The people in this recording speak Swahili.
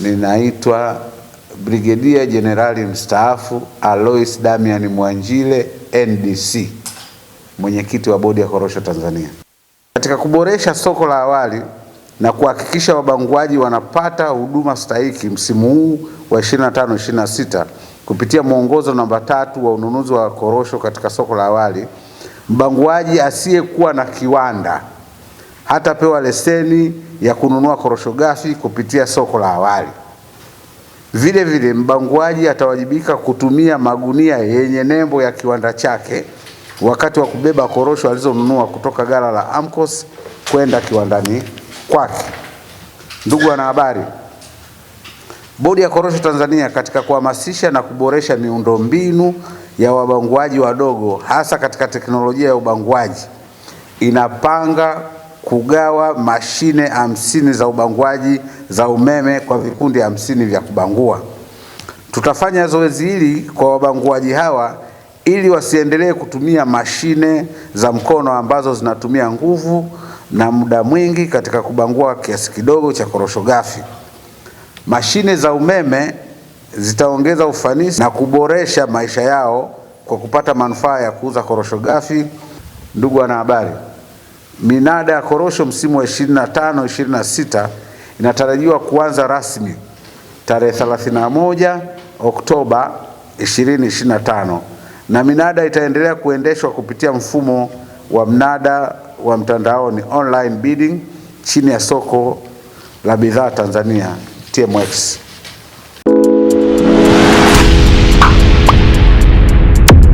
Ninaitwa Brigedia Jenerali mstaafu Alois Damian Mwanjile NDC, mwenyekiti wa bodi ya korosho Tanzania. Katika kuboresha soko la awali na kuhakikisha wabanguaji wanapata huduma stahiki msimu huu wa 25 26 kupitia mwongozo namba tatu wa ununuzi wa korosho katika soko la awali, mbanguaji asiyekuwa na kiwanda hatapewa leseni ya kununua korosho ghafi kupitia soko la awali. Vile vile mbanguaji atawajibika kutumia magunia yenye nembo ya kiwanda chake wakati wa kubeba korosho alizonunua kutoka ghala la Amcos kwenda kiwandani kwake. Ndugu wanahabari, Bodi ya Korosho Tanzania katika kuhamasisha na kuboresha miundombinu ya wabanguaji wadogo hasa katika teknolojia ya ubanguaji inapanga kugawa mashine hamsini za ubanguaji za umeme kwa vikundi hamsini vya kubangua. Tutafanya zoezi hili kwa wabanguaji hawa ili wasiendelee kutumia mashine za mkono ambazo zinatumia nguvu na muda mwingi katika kubangua kiasi kidogo cha korosho ghafi. Mashine za umeme zitaongeza ufanisi na kuboresha maisha yao kwa kupata manufaa ya kuuza korosho ghafi. Ndugu wanahabari Minada ya korosho msimu wa 25 26 inatarajiwa kuanza rasmi tarehe 31 Oktoba 2025 na minada itaendelea kuendeshwa kupitia mfumo wa mnada wa mtandaoni online bidding chini ya soko la bidhaa Tanzania TMX.